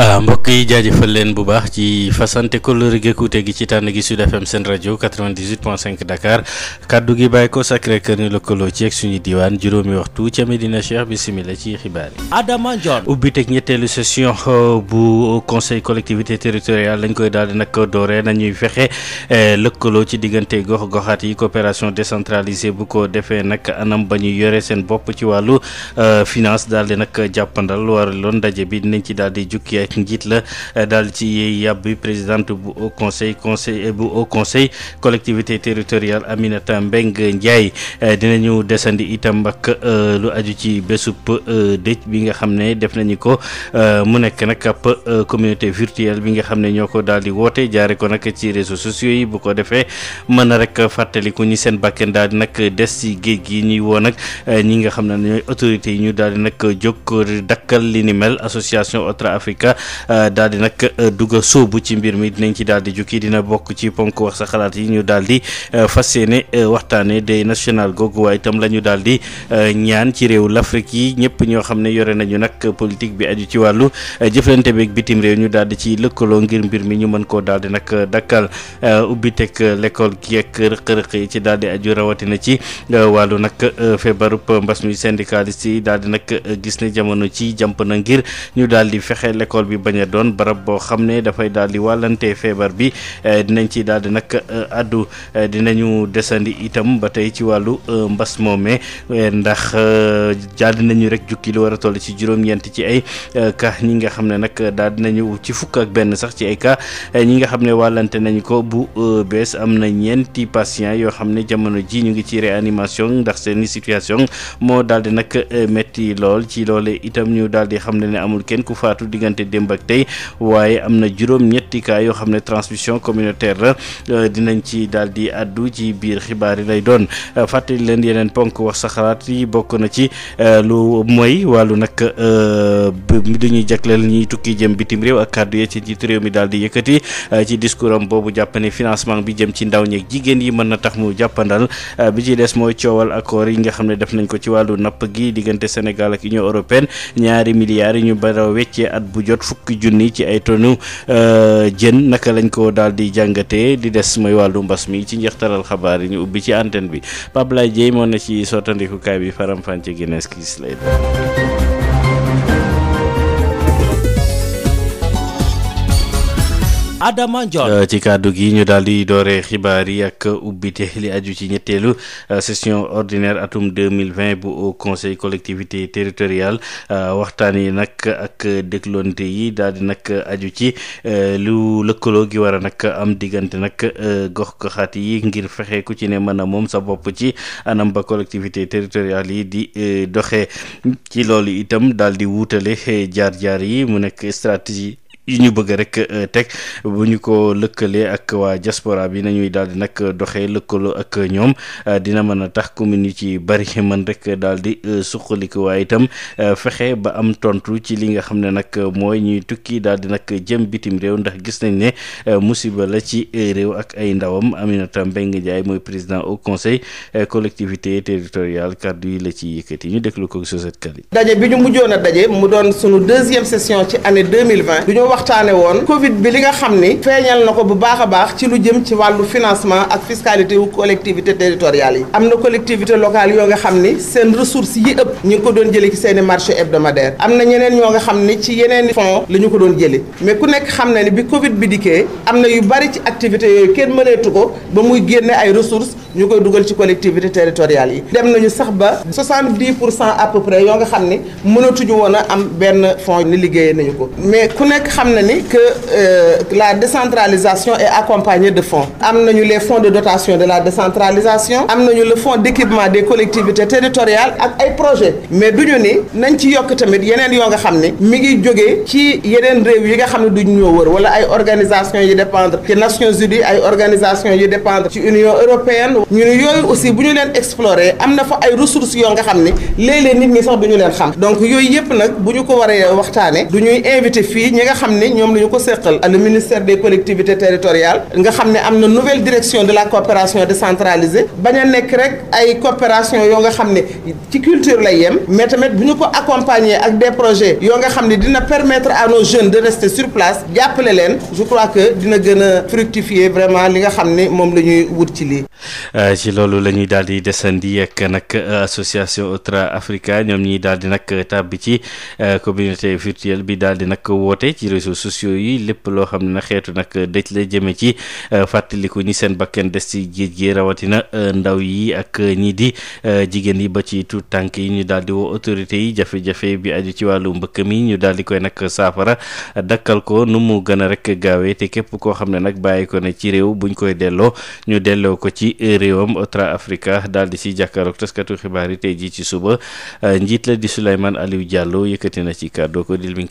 Euh, mbokk yi jaajëfal leen bu baax ci fasante kóllëre gi écoute gi ci tànn gi Sud FM seen rajo 98.5 Dakar kaddu gi bàyyi ko Sacré Cœur ñu lëkkaloo ci ak suñu diwaan juróomi waxtu ca Medina Cheikh bisimila ci xibaar yi. Adama Ndione. ubbi teg ñetteelu euh, bu conseil collectivité territorial lañ koy daal di nag doore nañuy fexe euh, lëkkaloo ci diggante gox-goxaat yi coopération décentralisée bu ko defee nag anam ba ñuy yore seen bopp ci wàllu finance daal di nag jàppandal war loon ndaje bi dinañ ci daal di jukki nekk njiit la eh, daal ci yeey yàbbi présidente bu au conseil eh, bu au collectivité territoriale Aminata Mbengue Ndiaye eh, dinañu desandi itam ak lu aju ci bésub dëj bi nga xam ne def nañu ko mu nekk nag ab communauté virtuelle bi nga xam ne ñoo ko daal di woote jaare ko nag ci réseau sociaux yi bu ko defee mën na rek fàttaliku ñu seen bàkken daal di nag des ci géej gi ñuy woo nag ñi nga xam ne ñooy autorités yi ñu daal di nag jóg dakkal li association Otra Africa Tounkara euh, daal di nag euh, dugg sóobu ci mbir mi dinañ ci daal di jukki dina bokk ci ponk wax sa xalaat yi ñu daal di euh, fas yéene waxtaane de national googu waaye itam la ñu daal di ñaan ci réew l'Afrique yi ñëpp ñoo xam ne yore nañu nag politique bi aju ci wàllu jëflante beeg bitim réew ñu daal di ci lëkkaloo ngir mbir mi ñu mën koo daal di nag dakkal ubbi teg l'école gi ak rëq-rëq yi ci daldi di aju rawatina ci wàllu nag feebarub mbas mi syndicaliste yi daal di nag gis ne jamono ci jàmp na ngir ñu daal école bi bañ doon barab boo xam ne dafay daal di wàllante feebar bi eh, dinañ ci daal di nag eh, eh, dina ñu desandi itam ba tey ci wàllu mbas moomee ndax daal nañu rek jukki lu war a toll ci juróom-ñeent ci ay cas ñi nga xam ne nag daal dinañu ci fukk ak benn sax ci ay cas ñi nga xam ne wàllante nañ ko bu bees am na ñeenti patients yoo xam ne jamono ji ñu ngi ci réanimation ndax seeni situation moo daal di ti lool ci loole itam ñu daal di xam ne ne amul kenn ku faatu diggante démb ak tey waaye am na juróom-ñetti yoo xam ne transmission communautaire la euh, dinañ ci daal di addu ci biir xibaar yi lay doon euh, fàttali leen yeneen ponk wax sa xalaat yi bokk na ci euh, lu mooy wàllu nag li ñuy jagleel ñuy tukki jëm bitim réew ak kàddu ya ci jiitu réew mi daal di yëkkati ci discours boobu jàpp ne financement bi jëm ci ndaw ñeeg jigéen yi mën na tax mu jàppandal bi ci des mooy coowal accord yi nga xam ne def nañ ko ci wàllu napp gi diggante Sénégal ak Union européenne ñaari milliards yi ñu bara weccee at bu jot fukki junni ci ay tonu euh, jën naka lañ ko daal di jàngatee di des mooy wàllu mbas mi ci njeextaral xabaar yi ñu ubbi ci antenne bi Pape Laye na moo ne ci sottandikukaay bi faram-fàcce Guinness kii lay Adama Ndione euh, ci kàddu gi ñu daal di dooree xibaar yi ak ubbite li aju ci ñetteelu euh, session ordinaire atum deux mille vingt bu au conseil collectivité territoriale euh, waxtaan yi nag ak dégloonte yi daal di nag aju ci lu lëkkaloo gi war a nag am diggante nag gox goxaat yi ngir fexe ku ci ne mën moom sa bopp ci anam ba collectivité territoriale yi di doxe ci loolu itam daal di wuutale jaar jaar yi mu nekk stratégie. yi ñu bëgg rek euh, teg bu ñu ko lëkkalee ak waa diaspora bi nañuy daal di nag doxee lëkkaloo ak ñoom euh, dina mën a tax commune yi ci bari mën rek daal di euh, suqaliku waaye itam fexe ba am tontu ci li nga xam ne nag mooy ñuy tukki daal di nag jëm bitim réew ndax gis nañ ne musiba la ci réew ak ay ndawam Aminata Mbengue Ndiaye mooy président au conseil collectivité territoriale kàddu yi la ci yëkkati ñu déglu ko Sosette Kali daje bi ñu mujjoon daje mu doon sunu waxtaane woon Covid bi li nga xam ni feeñal na ko bu baax a baax ci lu jëm ci wàllu financement ak fiscalité wu collectivité territoriale yi am na collectivité locale yoo nga xam ni seen ressources yi ëpp ñu ngi ko doon jëlee ci seen i marché hebdomadaire am na ñeneen ñoo nga xam ni ci yeneen fonds lañu ko doon jëlee mais ku nekk xam na ni bi Covid bi dikkee am na yu bari ci activité yooyu kenn mëneetu ko ba muy génne ay ressources ñu koy dugal ci collectivité territoriale yi dem nañu sax ba 70 pour cent à peu xam ni mënatuñu woon am benn fonds ni liggéeyee nañu ko xam na ni que euh, la décentralisation est accompagnée de fonds am nañu les fonds de dotation de la décentralisation am nañu le fonds d'équipement des collectivités territoriales ak ay projet mais ñu ni nañ ci yokk tamit yeneen yoo nga xam ni mi ngi jógee ci yeneen réew yi nga xam ne ñu ñoo wër wala ay organisations yi dépendre ci Nations ay organisations yu dépendre ci Union européenne ñu ne yooyu aussi bu ñu leen explorer am na fa ay ressources yoo nga xam ni léeg-léeg nit ñi sax duñu leen xam donc yooyu yëpp nag xam ñoom la ko seqal le ministère des collectivités territoriales nga xam ne am na nouvelle direction de la coopération décentralisée bañ a nekk rek ay coopération yoo nga xam ne ci culture la yem mais tamit bu ñu ko accompagner ak des projets yoo nga xam ne dina permettre à nos jeunes de rester sur place jàppale leen je crois que dina gën a fructifier vraiment li nga xam ne moom la ñuy wut ci lii. Euh, ci loolu la ñuy daal di desandi ak nag euh, association Otra Africa ñoom ñi daal di nag tàbbi ci euh, communauté bi daal di réseaux sociaux yi lépp loo xam ne na xeetu nag dëj la jëme ci euh, fàttaliku ñi seen bakken des ci géej gi rawatina euh, ndaw yi ak ñi di euh, jigéen yi ba ci tout tànk yi ñu daal di woo autorité yi jafe-jafe bi aju ci wàllu mbëkk mi ñu daal di koy nag saafara dakkal ko nu mu gën a rek gaawee te képp koo xam ne nag bàyyi ko ne ci réew buñ koy delloo ñu delloo ko ci réewam Otra Africa daal di si jàkkaaroog taskatu xibaar yi tey jii ci suba njiit la di Souleymane Aliou jàlloo yëkkati na ci kàddoo ko dil mi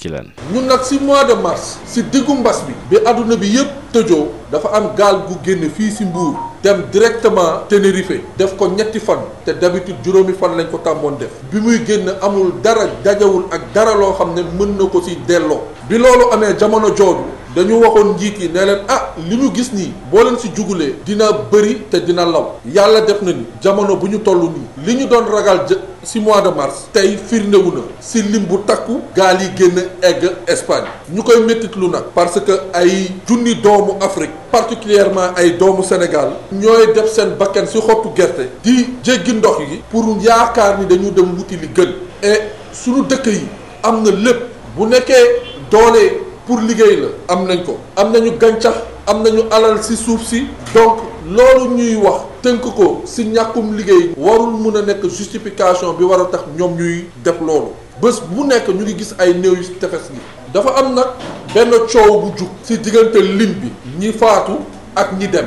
mars si diggu mbas bi bi àdduna bi yëpp tëjoo dafa am gaal gu génn fii si mbuur dem directement Tenerife def ko ñetti fan te d'habitude juróomi fan lañ ko tàmboon def bi muy génn amul dara dajawul ak dara loo xam ne mën na ko si delloo bi loolu amee jamono jooju dañu waxoon njiit yi ne leen ah li ñu gis nii boo leen si jugulee dina bëri te dina law yàlla def na ni jamono bu ñu toll nii li ñu doon ragal si mois de mars tey firndewu na si lim bu takku gaal yi génn egg Espagne ñu koy méttitlu nag parce que ay junni doomu Afrique particulièrement ay doomu Sénégal ñooy def seen bakkan si xottu gerte di jéggi ndox yi pour yaakaar ni dañu dem wuti li gën et suñu dëkk yi am na lépp bu nekkee doolee pour liggéey la am nañ ko am nañu gàncax am nañu alal ci suuf si donc loolu ñuy wax tënk ko ci ñàkkum liggéey warul mun a nekk justification bi war a tax ñoom ñuy def loolu bés bu nekk ñu ngi gis ay néew yu tefes gi dafa am nag benn coow bu jug ci diggante lim bi ñi faatu ak ñi dem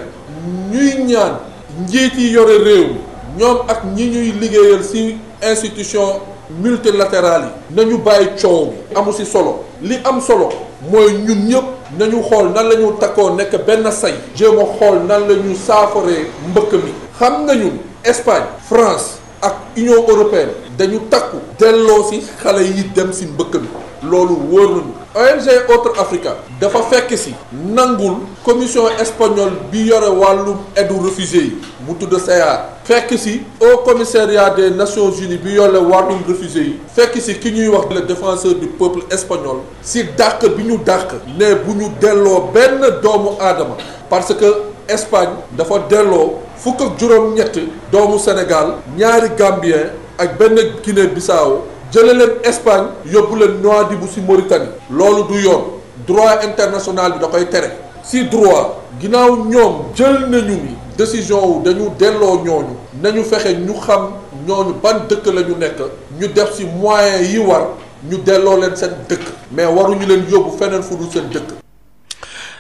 ñuy ñaan njiit yi yore réew mi ñoom ak ñi ñuy liggéeyal ci institution multilatérale yi nañu bàyyi coow bi amu ci solo li am solo mooy ñun ñëpp nañu xool nan la ñu takkoo nekk benn say jéem xool nan la ñu saafaree mbëkk mi xam nañu Espagne France ak Union européenne dañu takku delloo si xale yi dem si mbëkk mi loolu wóor nañu ONG Autre Africa dafa fekk si nangul commission espagnole bi yore wàllu aidu réfugié yi mu tudd SEAD fekk si au commissariat des nations unies bi yolle wàllum réfugié yi fekk si ki ñuy wax le défenseur du peuple espagnol si dàq bi ñu dàq ne bu ñu delloo benn doomu aadama parce que Espagne dafa delloo fukk ak doomu Sénégal ñaari Gambien ak benn Guinée Bissau jële leen Espagne yóbbu leen Nouadhibou si Mauritanie loolu du yoon droit international bi da koy tere si droit ginnaaw ñoom jël nañu ni décision wu dañu delloo ñooñu nañu fexe ñu xam ñooñu ban dëkk la ñu nekk ñu def ci moyens yi war ñu delloo leen seen dëkk mais waruñu leen yóbbu feneen fu seen dëkk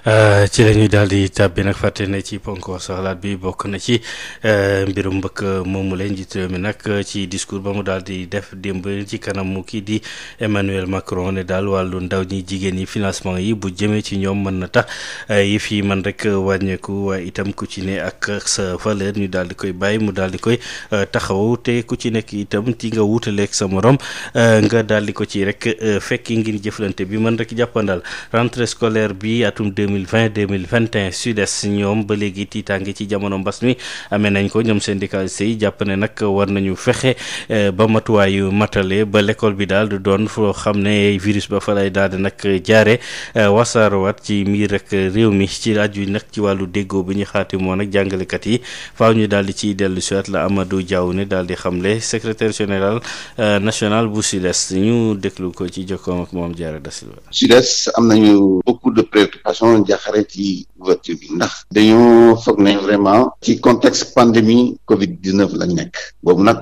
Euh, ci la ñuy daal di tàbbi nag fàtte na ci ponk wax sa xalaat bi bokk na ci euh, mbirum mbëkk moomu la njiit mi nag ci discours ba mu daal di def démb ci kanam mu kii di Emmanuel Macron ne daal wàllu ndaw ñi jigéen ñi financement yi bu jëmee ci ñoom mën na tax euh, yi fii man rek wàññeeku waaye itam ku ci ne ak sa valeur ñu daal di koy bàyyi mu daal di koy taxaw te ku ci nekk itam di nga wutaleeg sa morom nga daal di ko ci rek fekki ngir jëflante bi mën rek jàppandal rentrée scolaire bi atum 2020 2021 SUDES ñoom ba léegi tiitaange ci jamono mbas mi amee nañ ko ñoom syndicaliste yi jàpp ne nag war nañu fexe eh, ba matuwaayu matalee ba lekkool bi daal du doon foo xam ne virus ba fa lay daal di nag jaare eh, wasaarowaat ci miir rek réew mi ci laaj yu nag ci wàllu déggoo bi ñu xaati moo nag jàngalekat yi faaw ñu daal di ciy dellu siwaat la Amadou Diaw ne daal di xamle secrétaire général eh, national bu SUDES ñu déglu ko ci jokkoom ak moom Diarra Da Ousmane Diakhaté ci ouverture bi ndax dañoo foog ne vraiment ci contexte pandémie Covid 19 lañ nekk boobu nag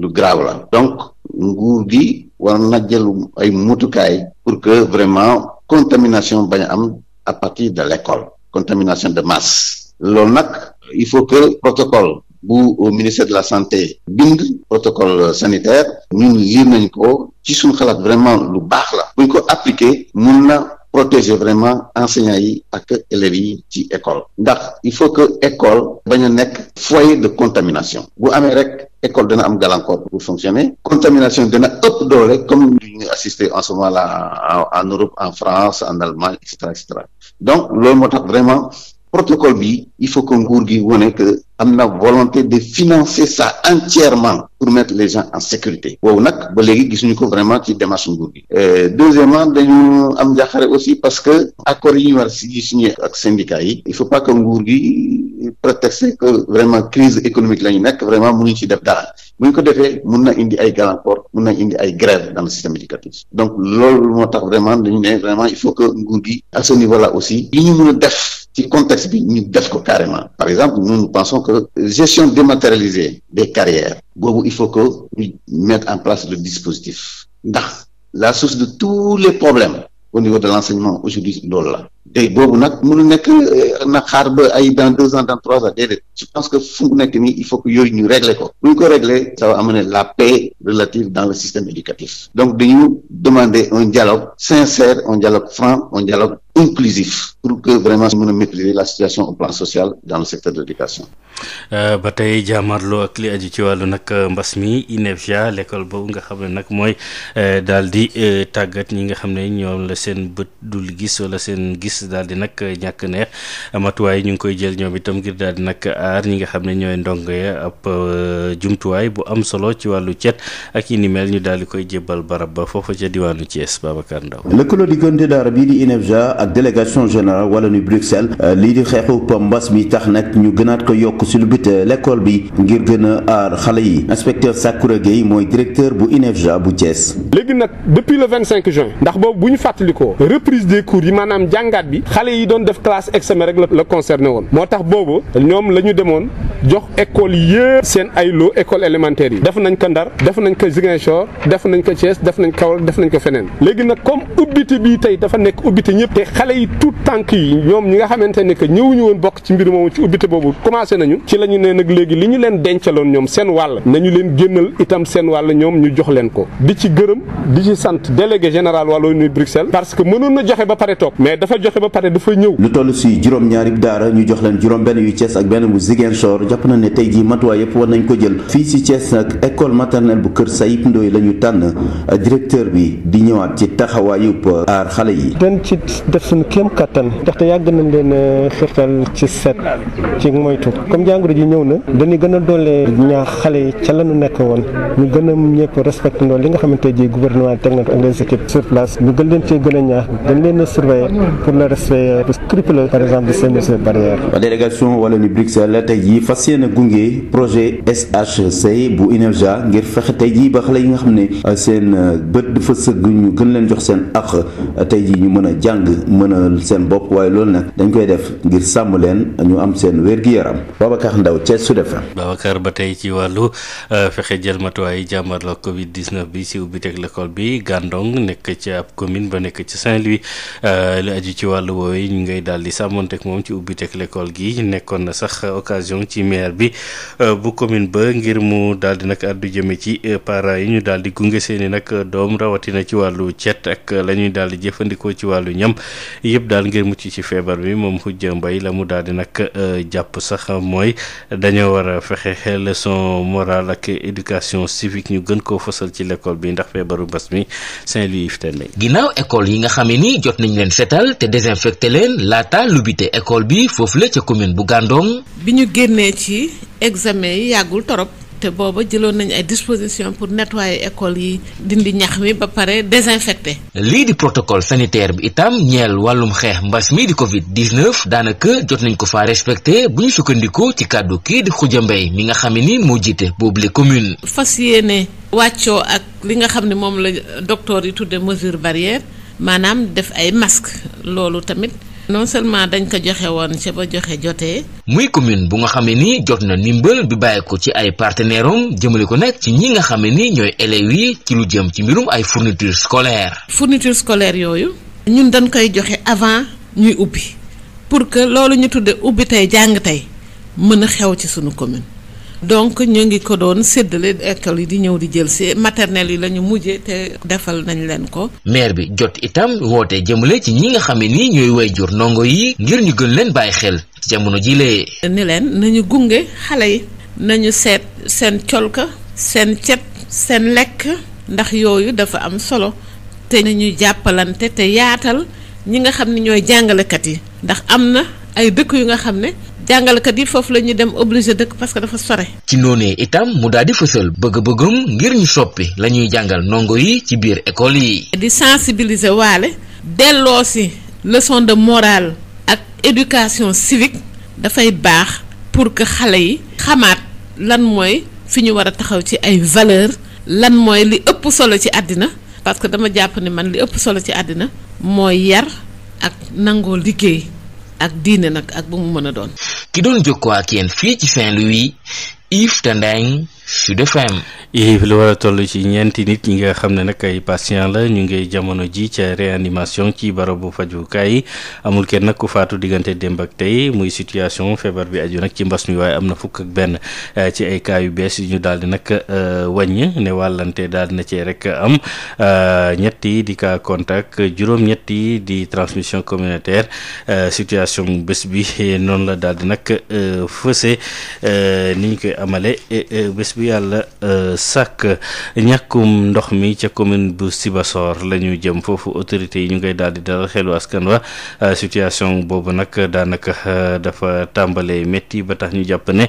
lu grave la donc nguur gi war na jël ay motukaay pour que vraiment contamination bañ am à partir de l'école contamination de masse loolu nag il faut que protocole bu au ministère de la santé bind protocole sanitaire ñun lire nañ ko ci suñu xalaat vraiment lu baax la buñ ko appliquer mun na protéger vraiment enseignants yi ak élèves yi ci école ndax il faut que école bañ nekk foyer de contamination bu amee rek école dana am gàllankoor pour fonctionner contamination dana ëpp doole comme ñu ñu assister en ce moment là en Europe en France en Allemagne et cetera et vraiment protocole bi il faut que nguur gi wane que am na volonté de financer ça entièrement pour mettre les gens en sécurité wow nag ba léegi gisuñu ko vraiment ci démarche nguur gi deuxièmement dañu am jaaxare aussi parce que accords yi ñu war si signé ak syndicats yi il faut pas que nguur gi prétexte que vraiment crise économique la ñu nekk vraiment ñu ci def dara mu ñu ko defee mun na indi ay gàllankoor mun na indi ay grève dans le système éducatif gi à ci contexte bi ñu def ko carrément par exemple nous nous pensons que gestion dématérialisée des carrières boobu il faut que ñu mettre en place le dispositif ndax la source de tous les problèmes au niveau de l'enseignement aujourd'hui loolu la tey boobu nag mënu nekk euh, na xaar ba ay dans deux ans dans trois ans déedéet je pense que fu mu nekk nii il faut que yooyu ñu régler ko bu ñu ko régler ça va amener la paix relative dans le système éducatif donc dañu demander un dialogue sincère un dialogue franc un dialogue inclusif pour que vraiment mën a maîtriser la situation au euh, ba tey jaamarloo ak li aju ci wàllu nag euh, mbas mi INEFJA l'école boobu nga xam ne nag mooy euh, daal di tàggat ñi nga xam ne ñoom la seen bët dul gis wala seen gis daal di nag ñàkk neex matuwaay ñu ngi koy jël ñoom itam ngir daal di nag aar ñi nga xam ne ñooy ndongo ya ab jumtuwaay bu am solo ci wàllu cet ak yi ñu daal di koy jébbal barab ba foofa ca diwaanu Thiès Babacar Ndaw ak délégation générale wala nu Bruxelles euh, lii di xeexu mbas mi tax nag ñu gënaat ko yokk si lu bit euh, l'école bi ngir gën a aar xale yi inspecteur Sakura Gueye mooy directeur bu INEFJA bu Thiès. léegi nag depuis le 25 juin ndax boobu bu ñu fàttalikoo reprise des cours yi maanaam jàngaat bi xale yi doon def classe examen rek la concerné woon moo tax boobu ñoom la ñu demoon jox école yëpp seen ay loo école élémentaire yi def nañ ko Ndar def nañ ko Ziguinchor def nañ ko Thiès def nañ ko def nañ ko feneen xale yi tout tànk yi ñoom ñi nga xamante ne que ñëwuñu woon bokk ci mbir moom ci ubbite boobu commencé nañu ci la ñu ne nag léegi li ñu leen dencaloon ñoom seen wàll nañu leen génnal itam seen wàll ñoom ñu jox leen ko di ci gërëm di ci sant délégué général Wallonie Bruxelles parce que mënoon na joxe ba pare toog mais dafa joxe ba pare dafa ñëw lu toll si juróom-ñaari daara ñu jox leen juróom benn yu Thiès ak benn bu Ziguinchor jàpp na ne tey jii matuwaay yëpp war nañ ko jël fii si Thiès nag école maternelle bu Kër Sayib Ndoye la ñu tànn directeur bi di ñëwaat ci taxawaayub aar xale yi def suñu kéem kattan ndaxte yàgg nañ leen a euh, xirtal ci set ci moytu comme jàngoro ji ñëw na dañuy gën a doole ñaax xale yi ca lañu nekk woon ñu gën a ñëpp respecté loolu li nga xamante ji gouvernement teg na ko ak les équipes sur place ñu gën leen a leen a surveiller pour le respect euh, scrupuleux par exemple de ces mesures barrières waa délégation jii fas yéene gunge projet SHC bu INEFJA ngir fexe tey jii ba xale yi nga xam ne euh, seen bët dafa sëgg ñu gën leen jox seen aq tey jii ñu mën a jàng mënal seen bopp waaye loolu nag dañ koy def ngir sàmm leen ñu am seen wér-gi-yaram Babacar Ndaw Thiès su defa Babacar ba tey ci wàllu euh, fexe jël matuwaay jàmbar la Covid 19 bi si ubbi teg bi Gandong nekk ci ab commune ba nekk ci Saint-Louis euh, li aju ci wàllu woowee ñu ngay daal di sàmmanteeg moom ci ubbi teg l'école gi nekkoon na sax occasion ci maire bi euh, bu commune ba ngir mu daal di nag addu jëme ci parents yi ñu daal di gunge seeni nag doom rawatina ci wàllu cet ak lañuy ñuy daal di jëfandikoo ci wàllu ñam yëpp daal ngir mucc ci feebar bi moom Khoudia mbay la mu daal di nag euh, jàpp sax mooy dañoo war a fexe leçon morale ak éducation civique ñu gën koo fasal ci lekkool bi ndax feebaru mbas mi Saint-Louis iften ginnaaw école yi nga xamee ni jot nañ leen setal te désinfecté leen laata lubite école bi foofu la ca commune bu Gandon. bi ñu génnee ci examen yi yàggul torop te booba jëloon nañu ay disposition pour nettoyer école yi dindi ñax mi ba pare désinfecté. lii di protocole sanitaire bi itam ñeel wàllum xeex mbas mi di Covid 19 daanaka jot nañ ko faa respecté bu ñu sukkandikoo ci kàddu kii di Khoudia Mbaye mi nga xam ni moo jiite boobule commune. fas yéene wàccoo ak li nga xam ne moom la docteur yi tudde mesure barrière maanaam def ay masque loolu tamit. non seulement dañ ko joxe woon ca ba joxe jotee. muy commune bu nga xamee ni jot na ndimbal bi bàyyi ko ci ay partenaires jëmale ko nag ci ñi nga xamee ni ñooy élèves yi ci lu jëm ci mbirum ay fourniture scolaire. fourniture scolaire yooyu. ñun dañ koy joxe avant ñuy ubbi pour que loolu ñu tudde ubbi tey jàng tey mën a xew ci sunu commune. donc ñu ngi ko doon séddale école yi di ñëw di jël si maternelle yi la ñu mujjee te defal nañ leen ko. maire bi jot itam woote jëmale ci ñi nga xam ne nii ñooy jur ndongo yi ngir ñu gën leen bàyyi xel jamono ji lee. ni leen nañu gunge xale yi nañu seet seen colka seen cet seen lekk ndax yooyu dafa am solo te nañu jàppalante te yaatal ñi nga xam ni ñooy jàngalekat yi ndax am na ay dëkk yu nga xam ne. jàngalekat yi foofu la ñuy dem obligé dëkk parce que dafa sore. ci noonee itam mu daal di fësal bëgg-bëggum ngir ñu soppi la ñuy jàngal ndongo yi ci biir école yi. di sensibiliser waale delloo si leçon de morale ak éducation civique dafay baax pour que xale yi xamaat lan mooy fi ñu war a taxaw ci ay valeur lan mooy li ëpp solo ci àddina parce que dama jàpp ne man li ëpp solo ci àddina mooy yar ak nangoo liggéey. ak diine nag ak bu mu mën a doon. ki doon jokkoo ak yéen fii ci Saint-Louis Yves Tendeng. Sud FM. lu war a toll ci ñeenti nit ñi nga xam ne nag ay patient la ñu ngi jamono ji ca réanimation ci barabu fajukaay yi amul kenn nag ku faatu diggante démb ak tey muy situation feebar bi aju nag ci mbas mi waaye am na fukk ak benn eh, ci ay cas yu bees yu ñu daal nag eh, wàññ ne wàllante daal di na cee rek am eh, ñetti di cas contact juróom-ñetti di transmission communautaire situation bés bi noonu la daal di nag fëse ni ñu koy amale bés bés bu yàlla euh, sàkk ñàkkum ndox mi ca commune bu Sibassor la ñu jëm foofu autorité yi ñu ngay daal di dalal xelu askan wa euh, situation boobu nag daanaka euh, dafa tàmbalee métti ba tax ñu jàpp ne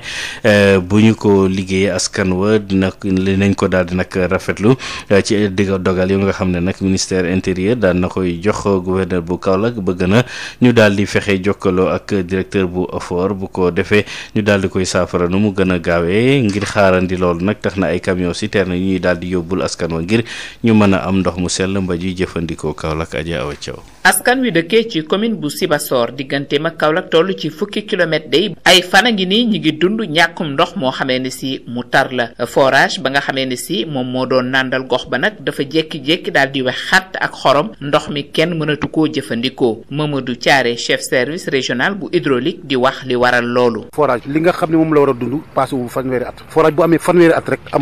bu ñu ko liggéeyee askan wa dina nañ ko daal di nag rafetlu ci digga dogal yi nga xam ne nag ministère intérieur daan na koy jox gouverneur bu Kaolack bëgg na ñu daal di fexe jokkaloo ak directeur bu OFOR bu ko defee ñu daal koy saafara nu mu gën gaawee ngir xaarandi. loolu nag tax na ay camion citerne yu ñuy daal di yóbbul askan wa ngir ñu mën a am ndox mu sell mba ji jëfandikoo Kaolack Adja Awa Thiaw askan wi dëkkee ci commune bu Sibassor digganteem ak Kaolack toll ci fukki kilomètre day ay fan a ngi nii ñi ngi dund ñàkkum ndox moo xamee ne si mu tar la forage ba nga xamee ne si moom moo doon nàndal gox ba nag dafa jékki-jékki daal di wex xàtt ak xorom ndox mi kenn mënatu koo jëfandikoo Mamadou Thiaré chef service régional bu hydraulique di wax li waral loolu. forage li nga xam ne moom la war a dund passé wu fanweeri at forage bu amee fanweeri at rek a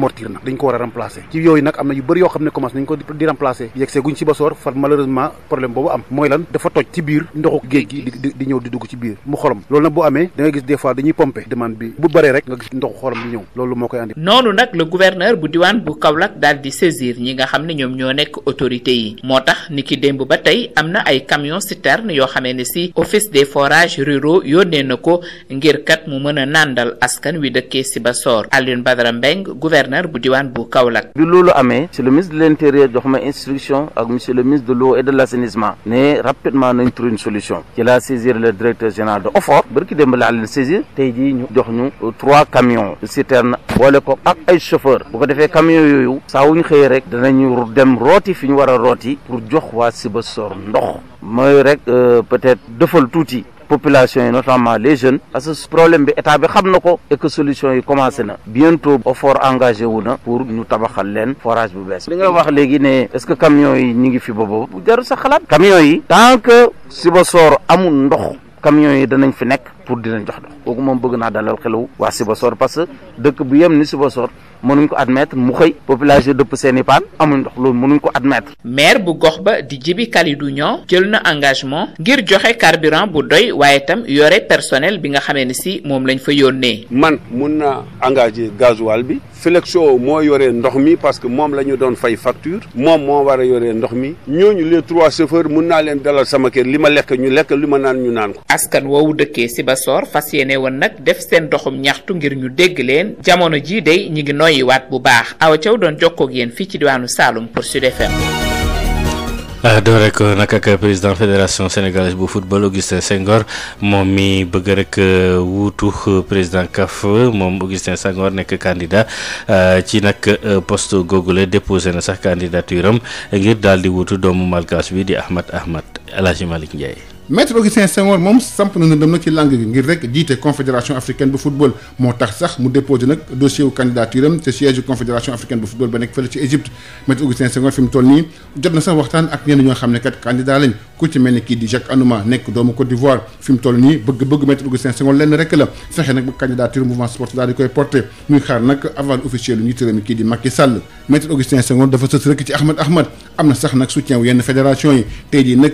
remplacer na yu bëri yoo xam ne commencé nañ ko di remplacer yegg see mooy lan dafa toj ci biir ndoxu géej gi di ñëw di dugg ci biir mu xorom loolu nag bu amee da nga gis des fois dañuy pomper demande bi bu bëree rek nga gis ndoxu xorom di ñëw loolu moo koy andi. noonu nag le gouverneur bu diwaan bu Kaolack daal di saisir ñi nga xam ne ñoom ñoo nekk autorité yi moo tax ni ki démb ba tey am na ay camion citerne yoo xamee ne si office des forages ruraux yónnee na ko ngir kat mu mën a nàndal askan wi dëkkee Sibassor ba Badara Mbengue gouverneur bu diwaan bu Kaolack. bi loolu amee. monsieur le ministre de l'intérieur jox ma instruction ak monsieur le ministre de l'eau et de mais rapidement nañ trouver une solution ci laa saisir le directeur général de OFOR bërki démb laa leen saisir tey jii ñu jox ñu euh, trois camions citerne boole ko ak ay chauffeur bu ko defee camions yooyu saa wuñ xëye rek danañu dem rooti fi ñu war a rooti pour jox waa Sibassor ndox mooy rek euh, peut-être dëfal tuuti population yi notamment les jeunes parce que problème bi état bi xam na ko et que solution yi commencé na bientôt OFOR engagé wu na pour ñu tabaxal leen forage bu bees li nga wax léegi ne est-ce que camions yi ñu ngi fi ba boobu jarul sa xalaat camions yi tant que Sibassor amul ndox camions yi danañ fi nekk pour di leen jox ndox kooku moom bëgg naa dalal xelu waa Sibassor parce que dëkk bu yem ni Sibassor mënuñ ko admettre mu xëy population dëpp seen i paan amuñ ndox loolu mënuñ ko admettre. maire bu gox ba di Djibi Kalidou Niang jël na engagement ngir joxe carburant bu doy waaye itam yore personnel bi nga xamee ne si moom lañ fa yónnee. man mun naa engagé gasoil bi Flexo moo yore ndox mi parce que moom la ñu doon fay facture moom moo war a yore ndox mi ñooñu trois chauffeurs mun naa leen dalal sama kër li ma lekk ñu lekk li ma naan ñu naan Sibassor fas yéene woon nag def seen doxum ñaxtu ngir ñu dégg leen jamono jii day ñi ngi noyyiwaat bu baax Awa Thiaw doon jokkoo ak yéen fii ci diwaanu Saloum pour Sud FM. Ah, doo rek euh, nag euh, président fédération sénégalaise bu football Augustin Senghor moom mi bëgg rek euh, wuutu président CAF moom Augustin Senghor nekk candidat ci nag poste googule déposé na sax candidature am ngir daal di wuutu doomu malgache bi di Ahmad Ahmad El Hadj Malick maître Augustin Senghor moom samp na dem nag ci langue gi ngir rek jiite confédération africaine bu football moo tax sax mu déposé nag dossier wu candidature am confédération bu football ba nekk fële ci Égypte maître Augustin Senghor fi mu toll nii jot na sax waxtaan ak ñenn ñoo xam ne kat candidat lañ ku ci mel ni kii di Jacques Anouma nekk doomu Côte d'Ivoire fi mu toll nii bëgg-bëgg maître Augustin Senghor lenn rek la fexe nag ba candidature mouvement sportif daal di koy porté muy xaar nag aval officiel lu njiitu réew mi kii di na sax nag soutien wu yenn fédération yi nag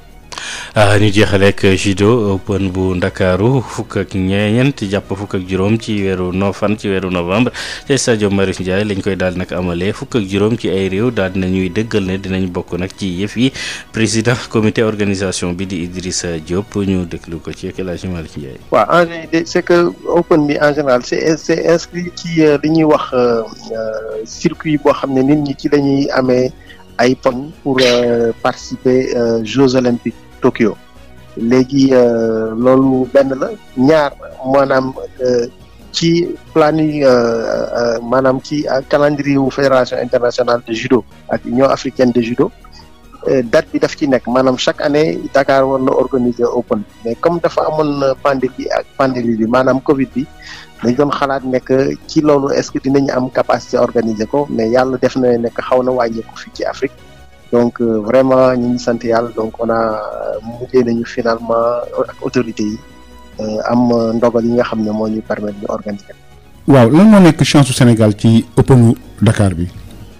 Ah, ñu jeexale ak judo open bu ndakaaru fukk ak ñeent jàpp fukk ak juróom ci weeru no ci weeru novembre te stade Marius Ndiaye lañ koy daal nag amalee fukk ak juróom ci ay réew daal dinañuy dëggal ne dinañ bokk nag ci yëf yi président comité organisation bi di Idrissa Diop ñu déglu ko ci El Hadji Malick Ndiaye. waaw en c'est que open bi en c'est inscrit ci euh, li ñuy wax euh, euh, circuit boo xam ne nit ñi ci lañuy amee. ay poñ pour euh, participer euh, Jeux olympiques Tokyo léegi euh, loolu benn la ñaar maanaam ci plan yi maanaam ci calendrier wu fédération internationale de judo ak union africaine de judo date bi daf ci nekk maanaam chaque année Dakar war na organiser open mais comme dafa amoon pandémie ak pandémie bi maanaam Covid bi dañ doon xalaat nekk ci loolu est-ce que dinañ am capacité organiser ko mais yàlla def na nekk xaw na wàññeeku fii ci Afrique donc euh, vraiment ñu ngi sant yàlla donc on a euh, mujjee nañu finalement ak autorités yi euh, am ndogol yi nga xam ne moo ñu permettre ñu organiser. waaw lan moo nekk chance su Sénégal ci Openu Dakar bi.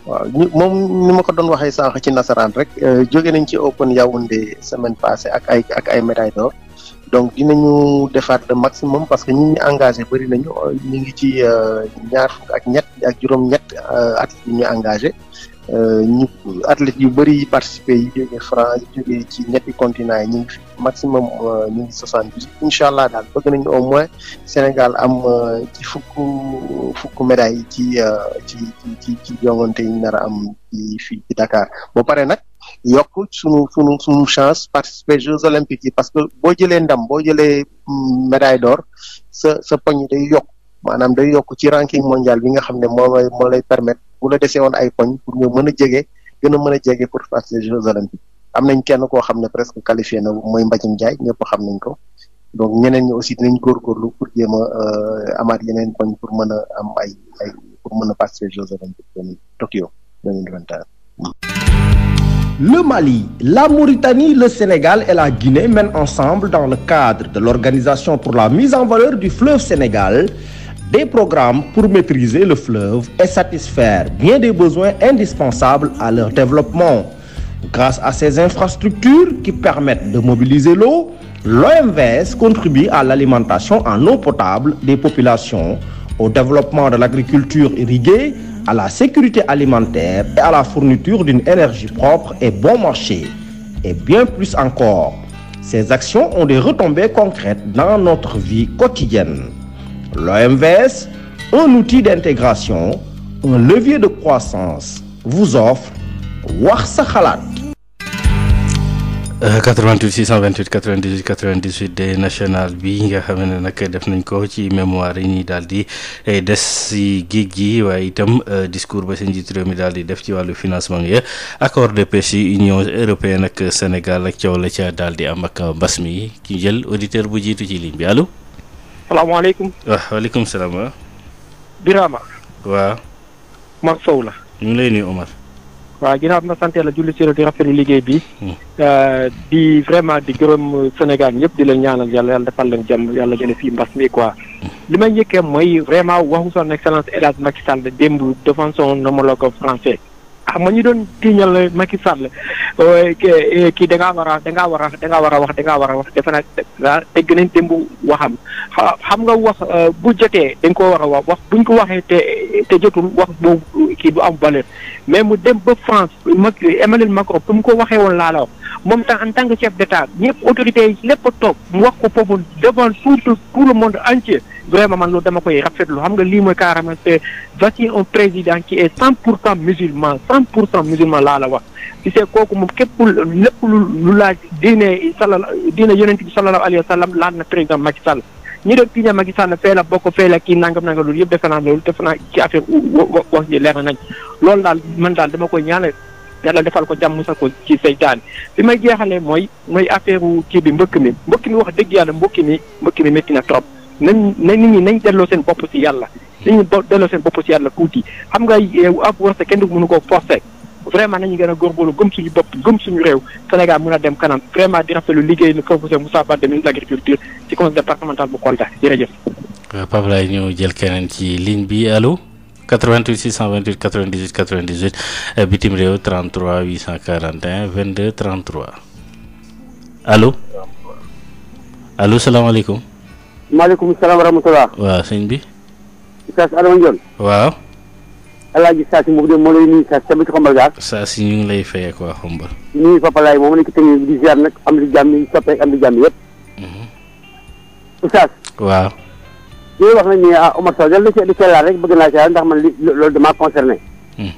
waaw ñu moom ni ma ko doon waxee sànq ci nasaraan rek jóge nañ ci Open Yaoundé semaine passée ak ay ak ay médailles donc dinañu defaat le maximum parce que ñi engagé bëri nañu ñu ngi ci euh, ñaar fukk ak ñett ak juróom-ñett euh, athlètes ñu engagé euh, ñu athlètes yu bëri yi participé yi jógee ci ñetti continent yi ñu ngi fi maximum ñu ngi soixante dix incha allah daal bëgg nañu au moins Sénégal am ci fukk fukk yi ci ci ci ci jongante yi ñu nar a am ci Dakar boo paree nag. yokk suñu suñu suñu chance participer Jeux olympiques yi parce que boo jëlee ndam boo jëlee mm, médaille d'or sa sa poñ day yokk maanaam day yokku ci ranking mondial bi nga xam ne moo lay moo lay permettre bu la dese woon ay poñ pour nga mën a jege gën a a jege pour participer Jeux olympiques am nañ kenn koo xam ne presque qualifié na mooy Mbacim Ndiaye ñëpp xam nañ ko donc ñeneen ñi aussi dinañ góorgóorlu pour jéem a euh, amaat yeneen poñ pour mën a am ay ay mën a participer Jeux olympiques Tokyo Le Mali, la Mauritanie, le Sénégal et la Guinée mènent ensemble dans le cadre de l'Organisation pour la mise en valeur du fleuve Sénégal des programmes pour maîtriser le fleuve et satisfaire bien des besoins indispensables à leur développement. Grâce à ces infrastructures qui permettent de mobiliser l'eau, l'OMVS contribue à l'alimentation en eau potable des populations, au développement de l'agriculture irriguée, à la sécurité alimentaire et à la fourniture d'une énergie propre et bon marché, et bien plus encore. Ces actions ont des retombées concrètes dans notre vie quotidienne. L'OMVS, un outil d'intégration, un levier de croissance, vous offre Wax sa xalaat 88 628 98 98 day national bi nga xam na nag def nañ ko ci mémoire yi ñuy daal di eh, des si géej gi waaye itam eh, discours ba seen njiit réew mi daal di def ci wàllu financement ya accord de pêche yi union européenne ak Sénégal ak coow la ca daal di am ak mbas mi ki jël auditeur bu jiitu ci ligne bi allo. salaamaaleykum. waaw ah, waaleykum salaam. Birama. waaw. Mar Sow la. ñu ngi lay nuyu Omar. waaw ginnaaw bi ma sant yàlla julli si di rafetlu liggéey bi. Hmm. Euh, di vraiment di gërëm Sénégal ñëpp di leen ñaanal yàlla yàlla defal leen jàmm yàlla jële fii mbas mi quoi. li may njëkkee mooy vraiment waxu son excellence El Hadj Macky Sall démb devant son homologue français. xam nga ñu doon tiiñal Macky Sall e, kii da ngaa war da ngaa war a da ngaa a wax da ngaa war a wax defe naa ah, dégg nañ démb waxam xam nga wax euh, bu jotee dañ ko war a wax wax buñ ko waxee te te jotul wax boobu kii du am valeur mais mu dem ba France Macky Emmanuel Macron pour mu ko waxee woon laa la moom tam en tant que chef d'état ñëpp autorités yi lépp toog mu wax ko foofu devant surtout tout le monde entier vraiment man loolu dama koy rafetlu xam nga lii mooy carrément c'est voici un président qui est cent pour cent musulman cent pour cent musulman laa la wax ci see kooku moom képp lépp lu lu laaj diine sala diine yonent bi sallallahu alayhi wa sallam laaj na président Macky Sall ñi doon kii ne Macky Sall fee la bokk fee la kii nangam nangam loolu yëpp defe naa loolu defe naa ci affaire wax ji leer nañ loolu daal man daal dama koy ñaanal yàlla defal ko jàmm sa ko ci seytaan bi may jeexalee mooy mooy affaire kii bi mbëkk mi mbëkk mi wax dëgg yàlla mbëkk mi mbëkk mi métti na trop na nit ñi nañ delloo seen bopp si yàlla nit ñi delloo seen bopp si yàlla tuuti xam nga ab wërsëg kenn du mënu ko forcer vraiment nañu gën a góorgóorlu gëm suñu bopp gëm suñu réew Sénégal mën a dem kanam vraiment di rafetlu liggéey le professeur Moussa Baldé ministre de l'agriculture ci conseil départemental bu Kolda jërëjëf. Euh, Pape Laye ñu jël keneen ci ligne bi allo 88 628 98 98 bitim réew 33 841 22 33 allo salaamaaleykum. maaleykum salaam wa rahmatulah. waaw sëñ bi. Saas Adama Ndione. waaw. El Hadj Saas mu de moo lay nuyu Saas tamit xombal gaal. Saas ñu ngi lay fayee quoi xombal. nuyu Papa Laay moom la ñu ko tënkee di ziar nag am di jàmm yi soppeek am di jàmm yëpp. Mhm. Saas. waaw. wax nañu ne ah Omar Sow yàlla na di cee laal rek bëgg naa cee ndax man li loolu damaa mhm.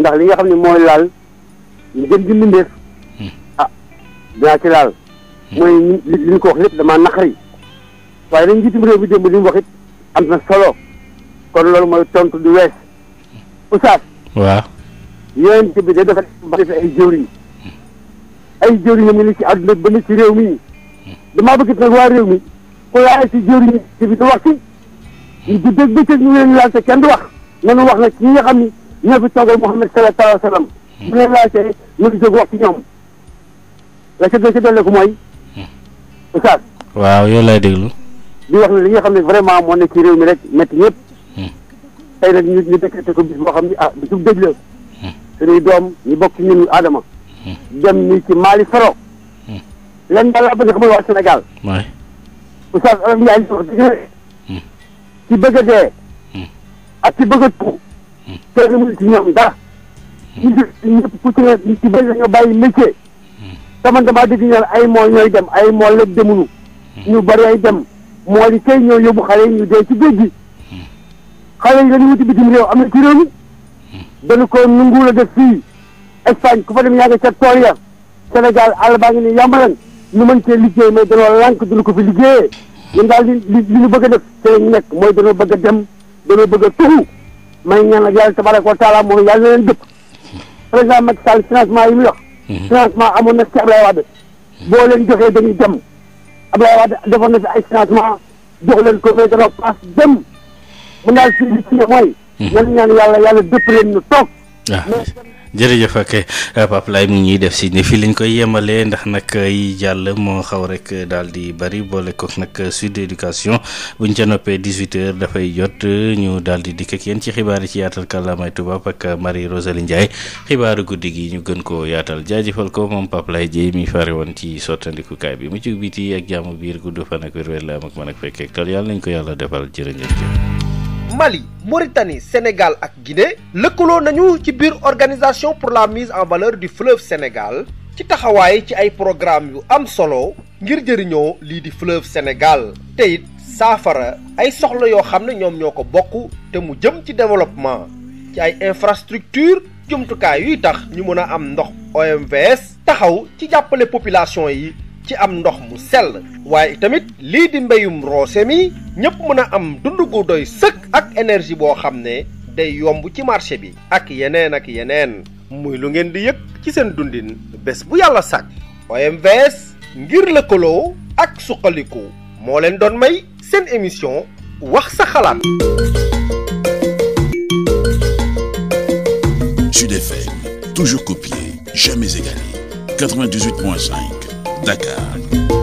ndax li nga xam ne mooy laal li gën di mbindeef. Mhm. ah mooy li ko wax lépp damaa naqari. waaye dañ njiitum réew bi démb li mu wax it am na solo kon loolu mooy tontu du wees oustaz waaw yonent bi da dafa def ay jëwriñ ay jëwriñam ñu ne ci àdduna ba ne ci réew mi damaa bëgg nag waa réew mi ku laaj ci jëwriñ ci bi du wax ci ñu di dégg bëccëg ñu leen laajte kenn du wax nañu wax nag ci ñi nga xam ni ñoo fi toogal Muhammad sallallahu alayhi wa sallam hmm. bu leen laajte nañu jóg wax ci ñoom la ca gën ca dolleeku mooy hmm. oustaz waaw yow lay déglu di wax ne li nga xam ne vraiment moo nekk ci réew mi rek métti ñëpp. Hmm. tey nag ñu ñu décrété ko bis boo xam ne ah bisub dëj la. Hmm. suñuy doom ñu bokk ci Adama. Hmm. dem ni ci Mali Faro. lenn daal laa bëgg xamal waa Sénégal. waay Oustaz Olof Ndiaye li a dee. ak ci a ne ay moo ñooy dem ay moo ñu bari ay dem. moo di tey ñoo yóbbu xale yi ñu dee ci géej gi xale yi la ñu wuti bitim réew am na ci réew mi ko nanguwul a def fii Espagne ku fa dem yaa ngi ca ya Sénégal àll baa ngi ne yàmbalan ñu mën cee liggéey mais danoo lànk duñu ko fi liggéeyee ñun daal li li ñu bëgg a def te ñu nekk mooy danoo bëgg dem danoo bëgg a tuxu may ñaan ak yàlla tabaraka wa taala moom yàlla na leen dëpp président Macky Sall financement yi muy wax financement amoon na ci Abdoulaye Wade boo leen joxee dañuy dem Abdoulaye Wade defoon na fi ay financement jox leen ko mais danoo paas dem mu daal si li ci mooy. Mhm. nañu ñaan yàlla yàlla dëpp leen ñu toog. Ah. jërëjëf ak eh, Pape Laye mu ñuy def si ni fii lañ koy yemalee ndax nag eh, yi jàll moo xaw rek daal di bari boole ko nag Sud Éducation buñ ca noppee 18 dafay jot ñu daal di dikk ak yéen ci xibaar yi ci yaatal kàllaamay tubaab ak Marie Rosalie Ndiaye xibaaru guddi gi ñu gën koo yaatal jaajëfal ko moom Pape Laye Dieye mi fari woon ci sottandikukaay bi mu mucc biti ak jàmm biir gudd fan ak wér-wér la am ak man ak fekkee tal yàlla nañ ko yàlla defal jërëjëf. Mali Mauritanie Sénégal ak Guinée lëkkaloo nañu ci biir organisation pour la mise en valeur du fleuve Sénégal ci taxawaay ci ay programme yu am solo ngir jëriñoo lii di fleuve Sénégal te it saafara ay soxla yoo xam ne ñoom ñoo ko bokk te mu jëm ci développement ci ay infrastructure jumtukaay yuy tax ñu mën a am ndox OMVS taxaw ci jàppale population yi ci am ndox mu sell waaye tamit lii di mbéyum roose mi ñëpp mën a am dund gu doy sëkk ak energie boo xam ne day yomb ci marché bi ak yeneen ak yeneen muy lu ngeen di yëg ci seen dundin bés bu yàlla sàkk OMVS ngir lëkkaloo ak suqaliku moo leen doon may seen émission wax sa xalaat Dakar